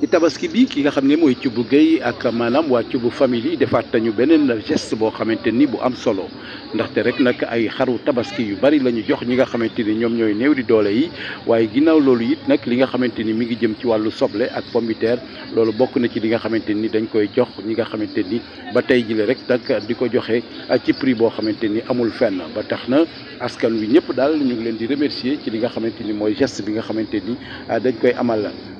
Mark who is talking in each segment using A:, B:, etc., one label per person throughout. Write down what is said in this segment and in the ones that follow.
A: ci tabaski bii ki nga xam ne mooy Thioub
B: Guèye ak maanaam waa Thioub famille yi defaat nañu beneen geste boo xamante ni bu am solo ndaxte rek nag ay xaru tabaski yu bari la ñu jox ñi nga xamante ni ñoom ñooy néew di doole yi waaye ginnaaw loolu it nag li nga xamante ni mi ngi jëm ci wàllu soble ak pomme loolu bokk na ci li nga xamante ni dañ koy jox ñi nga xamante ni ba tey jile rek nag di ko joxe ci prix boo xamante ni amul fenn ba tax na askan wi ñëpp daal ñu leen di remercier ci li nga xamante ni mooy geste bi nga xamante ni dañ koy amal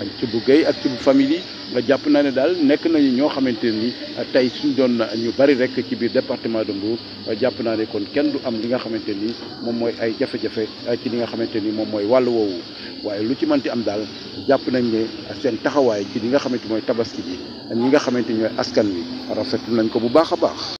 B: ak ci bu gay ak ci bu yi nga jàpp naa ne daal nekk nañu ñoo xamante ni tey suñ doon ñu bari rek ci biir département de Mbour jàpp naa ne kon kenn du am li nga xamante ni moom mooy ay jafe-jafe ci li nga xamante ni moom mooy wàll woowu waaye lu ci mënti am daal jàpp nañ ne seen taxawaay ci li nga xamante mooy tabaski bi
A: ñi nga xamante ñooy askan wi rafetlu nañ ko bu baax a baax